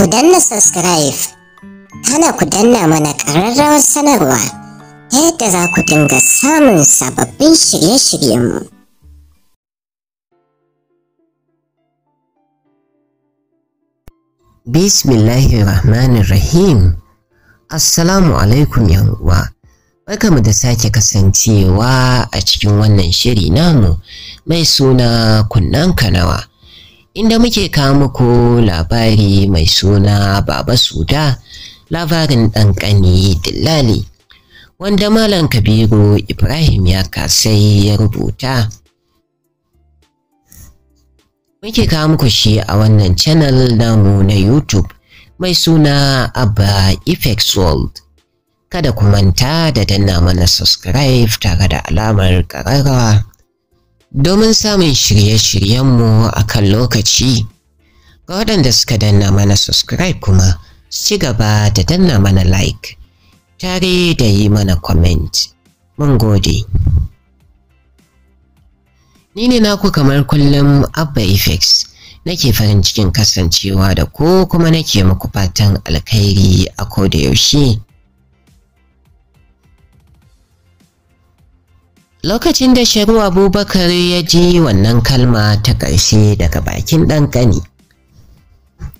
ku danna subscribe hana ku danna mana ƙararrawar sanarwa yadda za ku dinga samun sababbin shirye-shiryenmu. Bismillahirrahmanirrahim Assalamu alaikum uwa. mu da sake kasancewa a cikin wannan shiri namu mai suna kunnanka kanawa. inda muke kawo muku labari mai suna Baba Suda labarin ɗanƙani Dillali wanda Malam Kabiru Ibrahim ya kasai ya rubuta. Muke kawo muku shi a wannan channel namu na YouTube mai suna Abba Effects World. Kada ku manta da danna mana subscribe tare da alamar ƙararrawa. domin samun shirye-shiryenmu a kan lokaci. Ga waɗanda suka danna mana subscribe kuma su ci gaba da danna mana like tare da yi mana comment. Mun gode. Ni ne naku kamar kullum Abba Effects. nake farin cikin kasancewa da ko kuma nake muku fatan alkhairi a koda yaushe Lokacin da Sharu Abubakar ya ji wannan kalma ta ƙarshe daga bakin ɗan ƙani,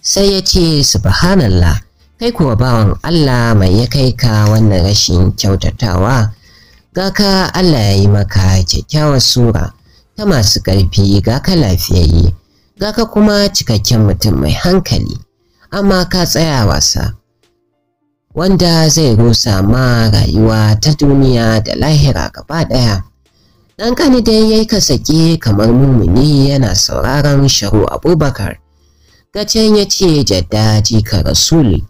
sai ya ce, Subhanallah, kai kuwa bawan Allah mai ya kai ka wannan rashin kyautatawa, ga ka Allah ya yi maka kyakkyawar sura ta masu ƙarfi ga ka lafiyayye, ga ka kuma cikakken mutum mai hankali, amma ka tsaya wasa. Wanda zai rusa ma rayuwa ta duniya da lahira gaba ɗaya. Dan kani dai yayi kasake kamar mumuni yana sauraron sharu Abubakar. Gacen ya ce jadda jika rasuli.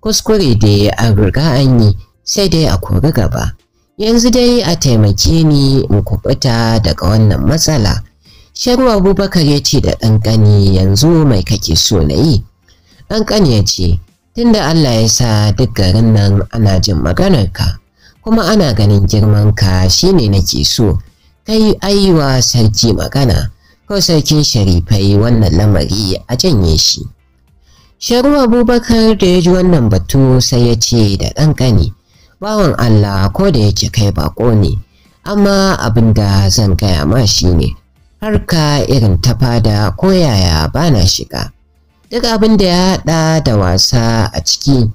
Kuskure dai a riga anyi, sai dai a kori gaba. Yanzu dai a taimake ni in kubuta daga wannan matsala. Sharu Abubakar ya ce da Ɗanƙani yanzu mai kake so na yi. Ɗan ya ce tunda Allah ya sa duk garin nan ana jin maganar ka. kuma ana ganin girmanka shine nake so. kai aiwa sarki magana ko sarkin sharifai wannan lamari a janye shi sharu abubakar da ya ji wannan batu sai ya ce da ƙanƙani bawan allah ko da yake kai baƙo ne amma abin da zan gaya ma shi ne harka irin ta fada ko yaya ba na shiga duk abin da ya haɗa da wasa a ciki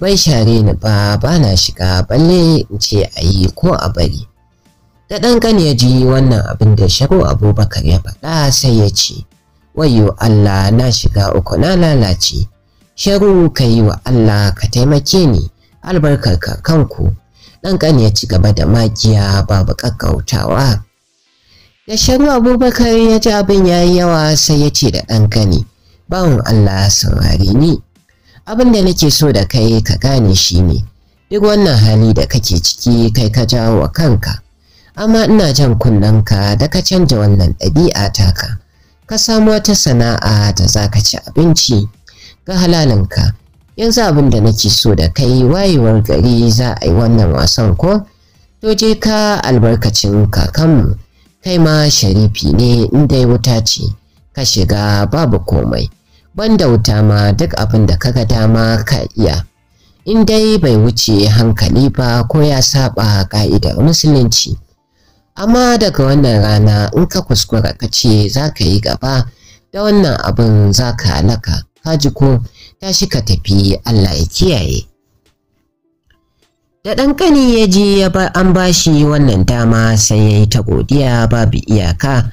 bai share ni ba ba na shiga balle in ce a yi ko a bari da ɗan kan ya ji wannan abin da shago abubakar ya faɗa sai ya ce wayo allah na shiga uku na lalace sharu ka yi wa allah ka taimake ni albarkar ka kanku ɗan kan ya ci gaba da magiya babu ƙaƙƙautawa da sharu abubakar ya ji abin ya yi yawa sai ya ce da ɗan kani bawan allah saurare ni abin da nake so da kai ka gane shi ne duk wannan hali da kake ciki kai ka jawo wa kanka amma ina jan kunnen ka da ka canja wannan ɗabi'a taka ka samu wata sana'a da za ka ci abinci ga halalinka yanzu abin da nake so da kai wayewar gari za a yi wannan wasan ko to je ka albarkacin kakanmu kai ma sharifi ne in dai wuta ce ka shiga babu komai banda wuta ma duk abin da ka ga dama ka iya in dai bai wuce hankali ba ko ya saba ka'idar musulunci amma daga wannan rana in ka kuskura ka ce za ka yi gaba da wannan abin za ka halaka ka ji ko tashi ka tafi Allah ya kiyaye da ɗan ƙani ya ji an ba shi wannan dama sai yayi ta godiya babu iyaka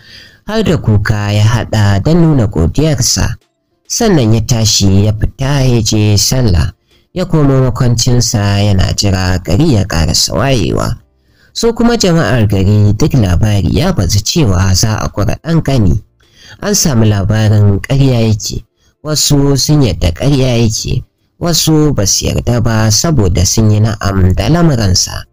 har da kuka ya haɗa don nuna godiyarsa sannan ya tashi ya fita ya je sallah ya komo makwancinsa yana jira gari ya ƙarasa wayewa. su kuma jama'ar gari duk labari ya bazu cewa za a kura ɗan ƙani an samu labarin ƙarya yake wasu sun yarda ƙarya yake wasu ba su yarda ba saboda sun yi na'am da lamuransa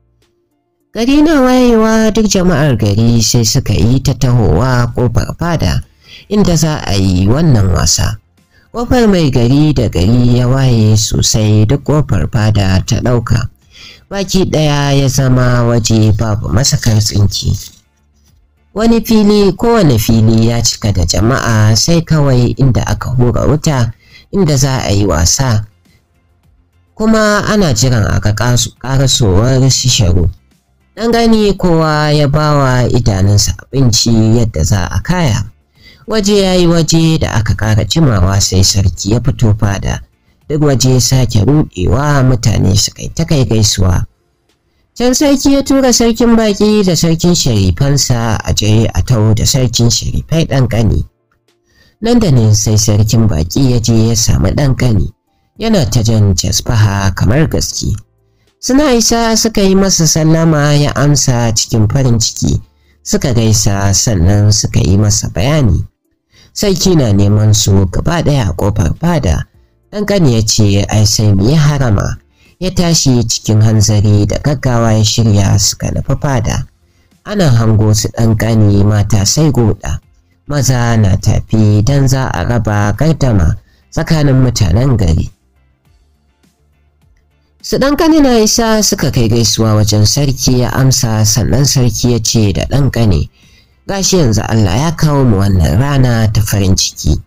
gari na wayewa duk jama'ar gari sai suka yi ta tahowa ƙofar fada inda za a yi wannan wasa ƙofar mai gari da gari ya waye sosai duk ƙofar fada ta ɗauka baki ɗaya ya zama waje babu masakar tsinki wani fili kowane fili ya cika da jama'a sai kawai inda aka hura wuta inda za a yi wasa kuma ana jiran a karasowar ƙarasowar shisharu ɗan gani kowa ya bawa idanunsa abinci yadda za a kaya waje ya yi waje da aka ƙara jimawa sai sarki ya fito fada duk waje sake rudewa mutane kai ta kai gaisuwa can sarki ya tura sarkin baƙi da sarkin sharifansa a je a taho da sarkin sharifai ɗan ƙani nan da nan sai sarkin baƙi ya je ya samu ɗan ƙani yana ta jan jasfaha kamar gaske suna isa suka yi masa sallama ya amsa cikin farin ciki suka gaisa sannan suka yi masa bayani sarki na neman su gaba ɗaya a ƙofar fada Ɗanƙani ya ce ai sai mu yi harama. Ya tashi cikin hanzari da gaggawa ya shirya suka nufi fada. Ana hango su ɗanƙani mata sai goda. Maza na tafi don za a raba gardama tsakanin mutanen gari. Su ɗanƙani na isa suka kai gaisuwa wajen sarki ya amsa sannan sarki ya ce da ɗanƙani gashi yanzu Allah ya kawo mu wannan rana ta farin ciki.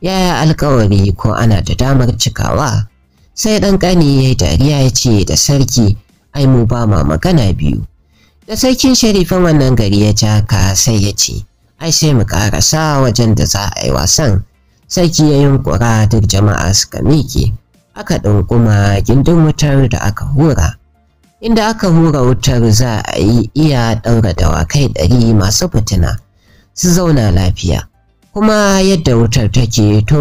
yaya alkawari ko ana da damar cikawa sai ɗan ƙani ya yi dariya ya ce da sarki ai mu ba ma magana biyu da sarkin sharifan wannan gari ya ja ka sai ya ce ai sai mu karasa wajen da za a yi wasan sarki ya yunkura duk jama'a suka miƙe aka ɗunguma gindin wutar da aka hura inda aka hura wutar za a yi iya ɗaura dawakai ɗari masu fitina su zauna lafiya kuma yadda wutar take to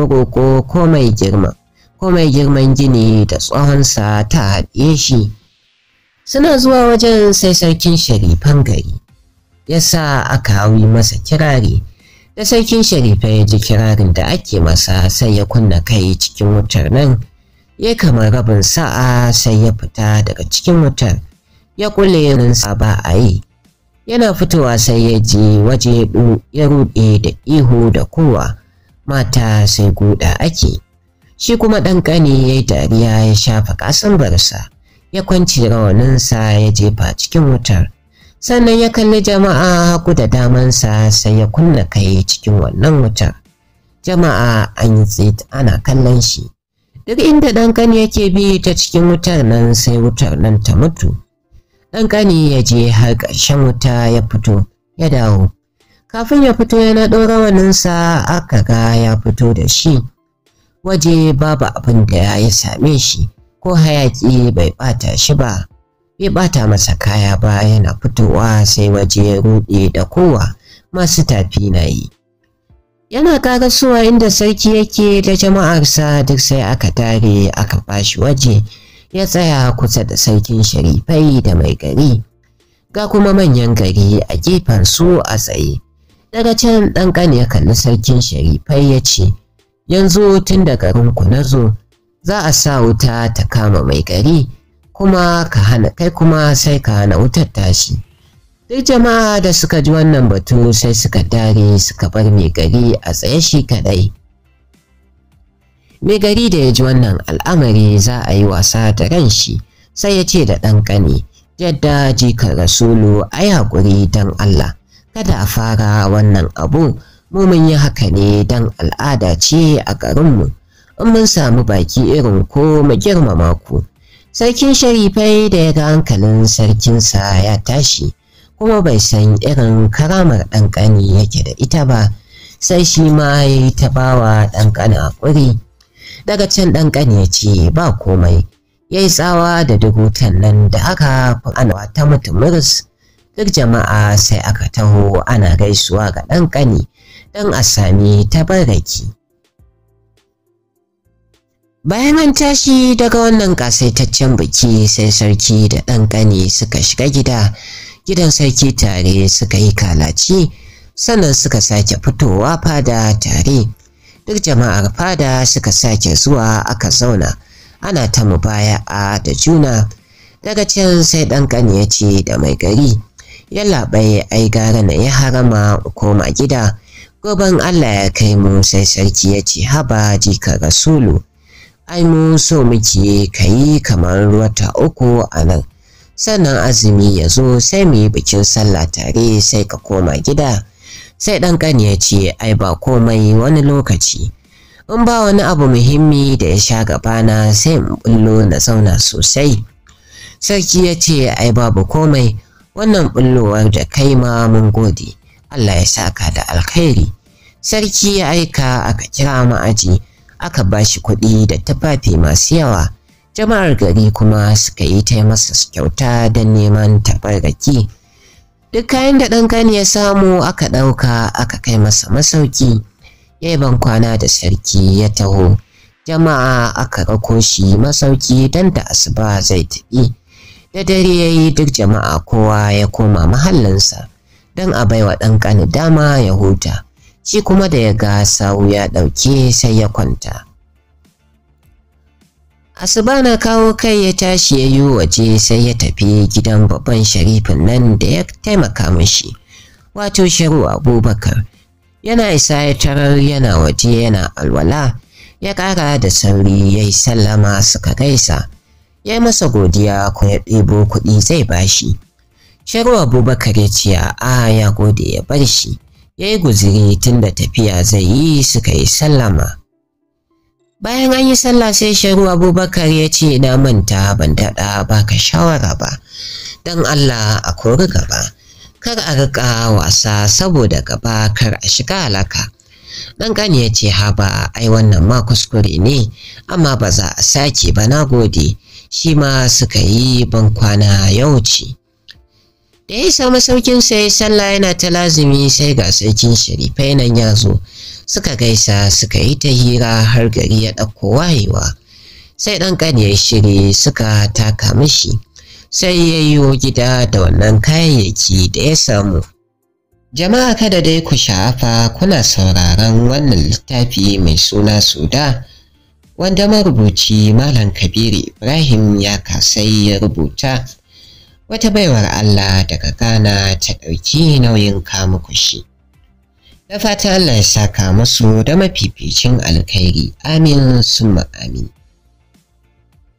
ko mai girma ko girman gini da tsohonsa ta haɗe shi suna zuwa wajen sai sarkin sharifan gari ya sa aka hawi masa kirari da sarkin sharifa ya ji kirarin da ake masa sai ya kunna kai cikin wutar nan ya kama rabin sa'a sai ya fita daga cikin wutar ya kulle sa ba a yi yana fitowa sai ya je waje ya rude da ihu da kowa mata sai guda ake shi kuma ɗan ƙani ya yi dariya ya shafa ƙasan barsa ya kwanci rawaninsa ya jefa cikin wutar sannan ya kalli jama'a haku da damansa sai ya kunna kai cikin wannan wutar jama'a an yi tsit ana kallon shi duk inda ɗan ƙani yake bi ta cikin wutar nan sai wutar nan ta mutu ɗan ƙani ya je har ƙarshen wuta ya fito ya dawo kafin ya fito yana ɗora waninsa aka ga ya fito da shi waje babu abin da ya same shi ko hayaƙi bai ɓata shi ba bai ɓata masa kaya ba yana fitowa sai waje ya ruɗe da kowa masu tafi na yi yana ƙarasuwa inda sarki yake da jama'arsa duk sai aka tare aka bashi waje ya tsaya kusa da sarkin sharifai da mai gari ga kuma manyan gari a gefen su a tsaye daga can ɗanƙan ya kalli sarkin sharifai ya ce yanzu tun da garinku na zo za a sa wuta ta kama mai gari kuma ka hana kai kuma sai ka hana wutar tashi duk jama'a da suka ji wannan batu sai suka dare suka bar mai gari a tsaye shi kadai mai gari da ya ji wannan al'amari za a yi wasa da ran shi sai ya ce da ɗan ƙani jadda jikar rasulu a haƙuri, don Allah kada a fara wannan abu mu mun yi haka ne don al'ada ce a ƙarinmu, in mun samu baki irin ko mu girmama ku sarkin sharifai da ya ga hankalin sarkinsa ya tashi kuma bai san irin karamar ɗan ƙani yake da ita ba sai shi ma ya yi ta bawa a ƙuri daga can ɗan ƙani ce ba komai ya yi tsawa da dubu nan da aka anawa ta mutum duk jama'a sai aka taho ana gaisuwa ga ɗan ƙani don a sami tabarraki bayan an tashi daga wannan ƙasaitaccen biki sai sarki da ɗan ƙani suka shiga gida gidan sarki tare suka yi kalaci sannan suka sake fitowa fada tare duk jama'ar fada suka sake zuwa aka zauna ana ta mubaya'a da juna daga can sai ɗan kani ya ce da mai gari yallaɓai ai gara na ya harama koma gida goban allah ya kai mu sai sarki ya ce haba jika rasulu ai mu so muke ka kamar wata uku a nan sannan azumi ya zo sai mu yi bikin sallah tare sai ka koma gida sai ɗan ƙani ya ce ai ba komai wani lokaci in ba wani abu muhimmi da ya sha gabana sai in bullo na zauna sosai sarki ya ce ai babu komai wannan bullowar da kai ma mun gode allah ya saka da alkhairi sarki ya aika aka kira ma'aji aka ba shi kuɗi da tufafi masu yawa jama'ar gari kuma suka yi ta masa kyauta don neman tabarraki duk kayan da ɗan kan ya samu aka ɗauka aka kai masa masauki ya yi bankwana da sarki ya taho jama'a aka ɗauko shi masauki don da asuba zai tafi da dare ya yi duk jama'a kowa ya koma mahallinsa don a baiwa ɗan ƙani dama ya huta shi kuma da ya ga sawu ya ɗauke sai ya kwanta Asuba na kawo kai ya tashi ya yi waje sai ya tafi gidan babban sharifin nan da ya taimaka mashi, wato sharu Abubakar. Yana isa ya tarar yana waje yana alwala, ya ƙara da sauri ya yi sallama suka gaisa, ya yi masa godiya ko ya ɗebo kuɗi zai bashi. Sharu Abubakar ya ce a ya gode ya bar shi, ya yi guziri tunda tafiya zai yi suka yi sallama. bayan an yi sallah sai sharu abubakar ya ce na manta ban daɗa ka shawara ba don allah a kori gaba kar a riƙa wasa saboda gaba kar a shiga alaka ɗan ƙani ya ce haba ai wannan ma kuskure ne amma ba za a sake ba na gode shi ma suka yi ban kwana yau ce da ya samu saukin sai sallah yana ta lazumi sai ga sarkin shirifai nan ya zo suka gaisa suka yi ta hira har gari ya ɗauko wayewa sai ɗan ya shiri suka taka mashi sai ya yiwo gida da wannan kayayyaki da ya samu jama'a kada dai ku sha'afa kuna sauraron wannan littafi mai suna suda wanda marubuci malam kabiru ibrahim ya kasai ya rubuta wata baiwar allah daga ghana ta ɗauki nauyin kamukushi Da fata Allah ya saka musu da mafificin alkhairi. Amin summa amin.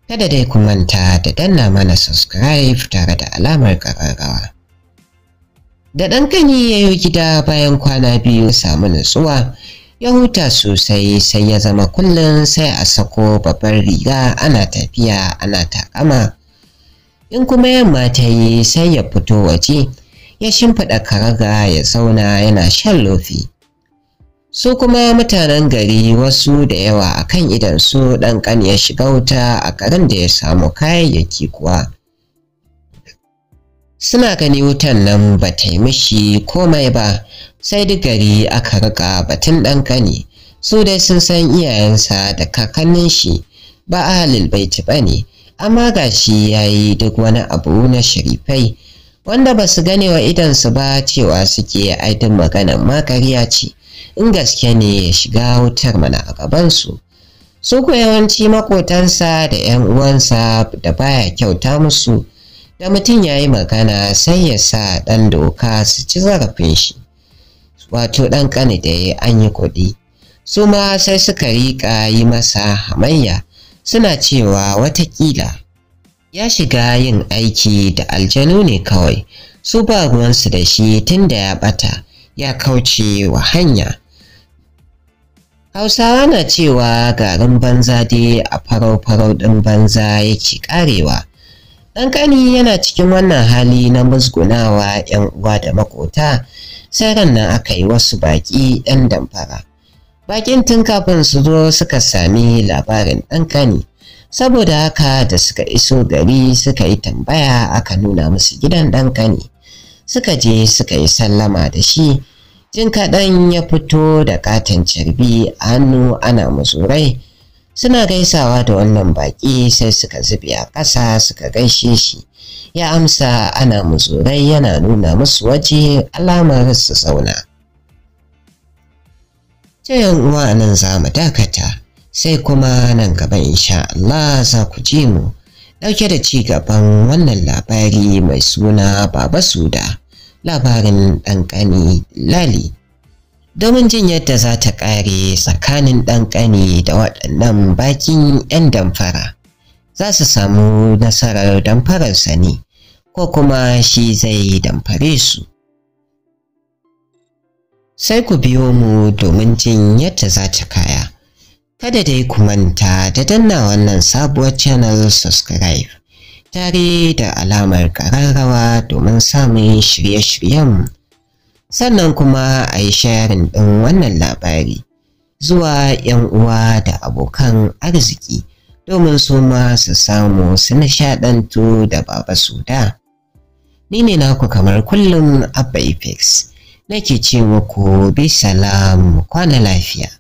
Kada dai ku manta da danna mana subscribe tare da alamar ƙararrawa. Da ɗan kani ya gida bayan kwana biyu samu nutsuwa, ya huta sosai sai ya zama kullum sai a sako babbar riga ana tafiya ana takama. In kuma yamma ta yi sai ya fito waje ya shimfiɗa karaga ya zauna yana shan lofi su kuma mutanen gari wasu da yawa a kan idansu ɗan ƙan ya shiga wuta a garin da ya samu kayayyaki kuwa suna gani wutan nan ba ta yi mishi komai ba sai duk gari aka riƙa batun ɗan kani su dai sun san iyayensa da kakannin shi ba a baiti ba ne amma ga shi ya yi duk wani abu na sharifai wanda ba su gane wa su ba cewa suke aitin maganan makariya ce in gaske ne ya shiga wutar mana a gabansu su ku yawanci makotansa da 'yan uwansa da baya kyauta musu da mutum ya yi magana sai ya sa ɗan doka su ci zarafin shi wato ɗan ƙani da ya an yi kuɗi su ma sai suka riƙa yi masa hamayya suna cewa watakila ya shiga yin aiki da aljanu ne kawai su ba ruwansu da shi tunda ya bata ya kauce wa hanya hausawa na cewa garin banza dai a farau-farau ɗin banza yake ƙarewa ƙani yana cikin wannan hali na musgunawa 'yan uwa da makota sai ran nan aka yi wasu baƙi 'yan damfara baƙin tun kafin su zo suka sami labarin ƙani. saboda haka da suka iso gari suka yi tambaya aka nuna musu gidan ɗan kani suka je suka yi sallama da shi jin kaɗan ya fito da katin carbi a hannu ana muzurai suna gaisawa da wannan baƙi sai suka zube a ƙasa suka gaishe shi ya amsa ana muzurai yana nuna musu waje alamar su zauna. Ce uwa nan za mu dakata. sai kuma nan gaba insha Allah za ku ji mu ɗauke da ci gaban wannan labari mai suna Baba Suda labarin ɗanƙani Lali. Domin jin yadda za ta ƙare tsakanin ɗanƙani da waɗannan bakin 'yan damfara, za su samu nasarar damfararsa ne, ko kuma shi zai damfare su. Sai ku biyo mu domin jin yadda za ta kaya. kada dai ku manta da danna wannan sabuwar channel subscribe tare da alamar kararrawa domin samun shirye-shiryen sannan kuma a yi sharing ɗin wannan labari zuwa 'yan uwa da abokan arziki domin su ma su samu su nishaɗantu da baba suda ni ne naku kamar kullum abba ifex nake ce muku Salam kwana lafiya